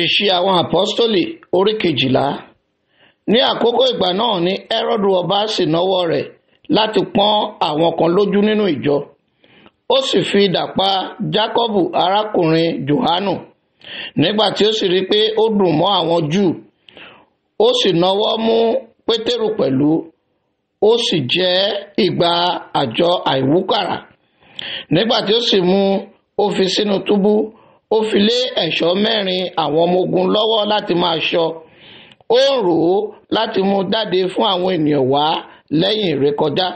Ìṣe àwọn àpọ́stólì orí kejìlá ní àkókò ìgbà náà ni Hẹ́rọ́dù ọba sì náwó rẹ̀ láti pọ́n àwọn kan lójú nínú ìjọ ó sì fi idà pa Jákọ́bù arákùnrin Jòhánù nígbà tí ó sì rí i pé ó dùn mọ́ àwọn Júù ó sì náwó mú Pétérù pẹ̀lú ó sì jẹ́ ìgbà àjọ àìwúkàrà nígbà tí ó sì mú ó sínú túbú ó fi lé ẹ̀ṣọ́ mẹ́rin àwọn ọmọ ogun lọ́wọ́ láti máa ṣọ́ ó ń rò ó láti mú dáde fún àwọn ènìyàn wá lẹ́yìn ìrékọjá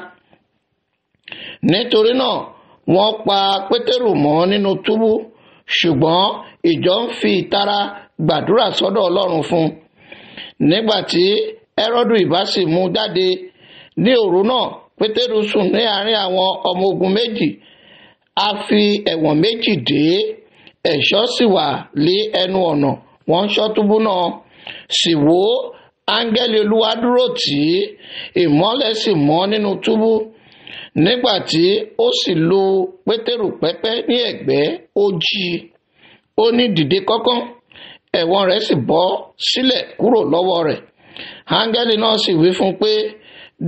nítorí náà wọ́n pa pétérù mọ́ nínú túbú ṣùgbọ́n ìjọ ń fi ìtara gbàdúrà sọ́dọ̀ ọlọ́run fún nígbà tí ẹrọ́dù ìbá sì mú jáde ní òru náà pétérù sùn ní àárín àwọn ọmọ ogun méjì a fi ẹ̀wọ̀n méjì dè ẹ̀ṣọ́ sì wà lé ẹnu ọ̀nà wọ́n ń ṣọ́ túbú náà sì wò ó áńgẹ́lì olúwa dúró tì í ìmọ́lẹ̀ sì mọ́ nínú túbú nígbà tí ó sì lu pétérù pẹ́pẹ́ ní ẹ̀gbẹ́ ó jí i ó ní dìde kánkán ẹ̀wọ̀n rẹ̀ sì bọ́ sílẹ̀ kúrò lọ́wọ́ rẹ̀ áńgẹ́lì náà sì wí fún un pé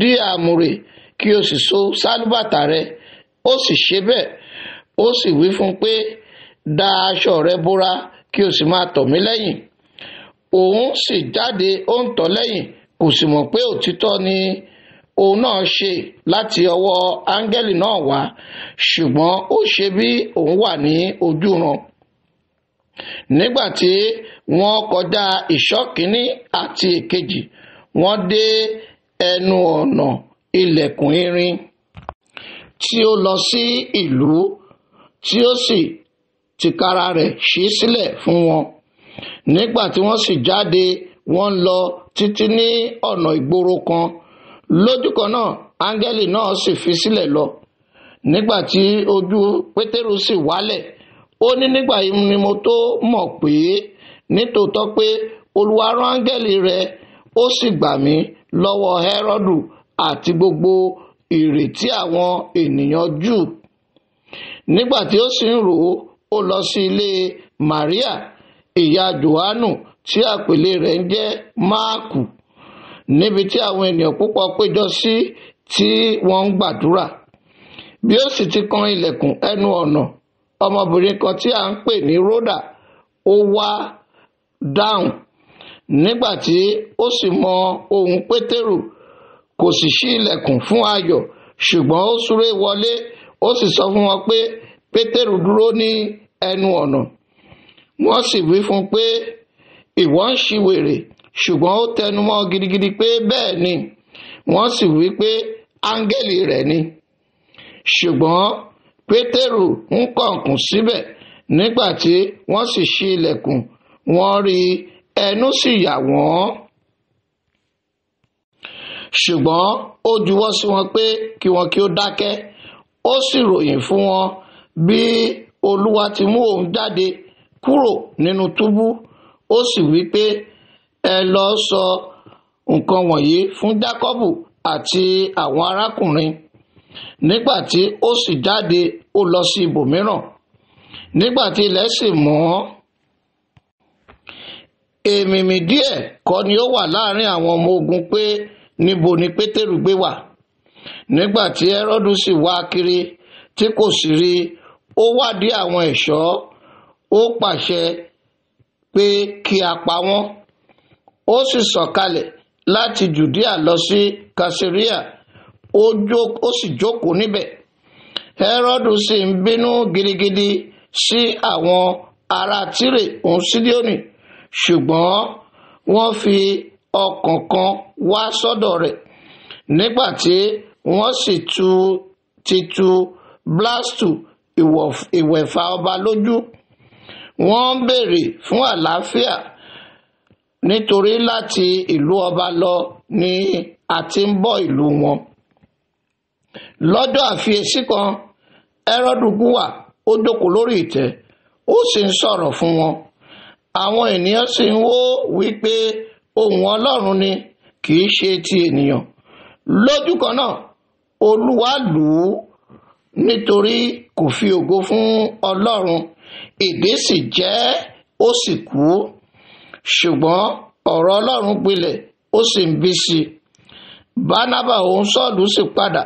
dí àmùrè kí o sì so sálúbàtà rẹ̀ ó sì ṣe bẹ́ẹ̀ ó sì wí fún un pé da aṣọ rẹ̀ bora kí o sì máa tọ̀ mí lẹ́yìn òun sì jáde ó ń tọ̀ lẹ́yìn kò sì mọ̀ pé òtítọ́ ni òun náà ṣe láti ọwọ́ áńgẹ́lì náà wá ṣùgbọ́n ó ṣe bí òun wà ní ojúran nígbà tí wọ́n kọjá ìṣọ́ kínní àti èkejì wọ́n dé ẹnu ọ̀nà ilẹ̀kùn irin tí ó lọ sí ìlú tí ó sì tìkára rẹ̀ ṣí sílẹ̀ fún wọn nígbà tí wọ́n sì jáde wọ́n lọ títí ní ọ̀nà ìgboro kan lójúkan náà áńgẹ́lì náà sì fi sílẹ̀ lọ nígbà tí ojú pétérù sì wálẹ̀ ó ní nígbà yìí ni mo tó mọ̀ pé nítòótọ́ pé olúwa rán áńgẹ́lì rẹ̀ ó sì gbà mí lọ́wọ́ hẹ́rọ́dù àti gbogbo ìrètí àwọn ènìyàn jù nígbà tí ó sì ń rò ó ó lọ sí ilé Maria ìyá Jòhánù tí àpèlé rẹ̀ ń jẹ́ Máàkù níbi tí àwọn ènìyàn púpọ̀ péjọ sí tí wọ́n ń gbàdúrà bí ó sì ti kan ilẹ̀kùn ẹnu ọ̀nà ọmọbìnrin kan tí a ń pè ní Ródà ó wá dáhùn nígbà tí ó sì mọ ohùn Pétérù kò sì ṣí ilẹ̀kùn fún ayọ̀ ṣùgbọ́n ó súré wọlé ó sì sọ fún wọn pé pétérù dúró ní ẹnu ọ̀nà wọ́n sì wí fún un pé ìwọ ń ṣiwèrè ṣùgbọ́n ó tẹnumọ́ gidigidi pé bẹ́ẹ̀ ni wọ́n sì wí pé áńgẹ́lì rẹ̀ ni ṣùgbọ́n pétérù ń kọ̀ǹkùn síbẹ̀ nígbà tí wọ́n sì ṣí ilẹ̀kùn wọ́n rí ẹnu sì yà wọ́n ṣùgbọ́n ó juwọ́ sí wọn pé kí wọn kí ó dákẹ́ ó sì ròyìn fún wọn bí olúwa ti mú òun jáde kúrò nínú túbú ó sì wí pé ẹ lọ sọ nǹkan wọ̀nyí fún Jákọ́bù àti àwọn arákùnrin nígbà tí ó sì jáde ó lọ sí ibòmíràn nígbà tí ilẹ̀ sì mọ́ èmìmì díẹ̀ kọ́ ni ó wà láàrin àwọn ọmọ ogun pé níbo ni Pétérù gbé wà nígbà tí Hẹ́rọ́dù sì wá kiri tí kò sì rí ó wádìí àwọn ẹ̀ṣọ́ ó pàṣẹ pé kí a pa wọ́n ó sì sọ̀kalẹ̀ láti Jùdíà lọ sí Kásíríà ó sì jókòó níbẹ̀ Hẹ́rọ́dù sì ń bínú gidigidi sí àwọn ará Tírè òun Sídíónì ṣùgbọ́n wọ́n fi ọkàn kan wá sọ́dọ̀ rẹ̀ nígbà tí wọ́n sì tu ti tu Blastu ìwẹ̀fà ọba lójú wọ́n ń béèrè fún àlàáfíà nítorí láti ìlú ọba lọ ni a ti ń bọ́ ìlú wọn. lọ́jọ́ àfiyèsí kan Hẹ́rọ́dù gúwà ó jókòó lórí ìtẹ́ ó sì ń sọ̀rọ̀ fún wọn àwọn ènìyàn sì ń wò wípé ohùn Ọlọ́run ni kì í ṣe ti ènìyàn lójú kan náà Olúwa lù ú nítorí kò fi ògo fún ọlọ́run ègbé sì jẹ́ ó sì kú ṣùgbọ́n ọ̀rọ̀ ọlọ́run gbilẹ̀ ó sì ń bí sí i bánábà òun sọ́ọ̀lù sì padà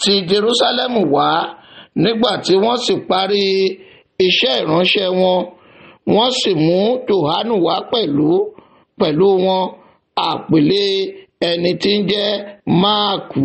ti jerusalem wá nígbà tí wọ́n sì parí iṣẹ́ ìránṣẹ́ wọn wọ́n sì mú tòhánù wá pẹ̀lú pẹ̀lú wọn àpèlé ẹni tí ń jẹ́ máàkù.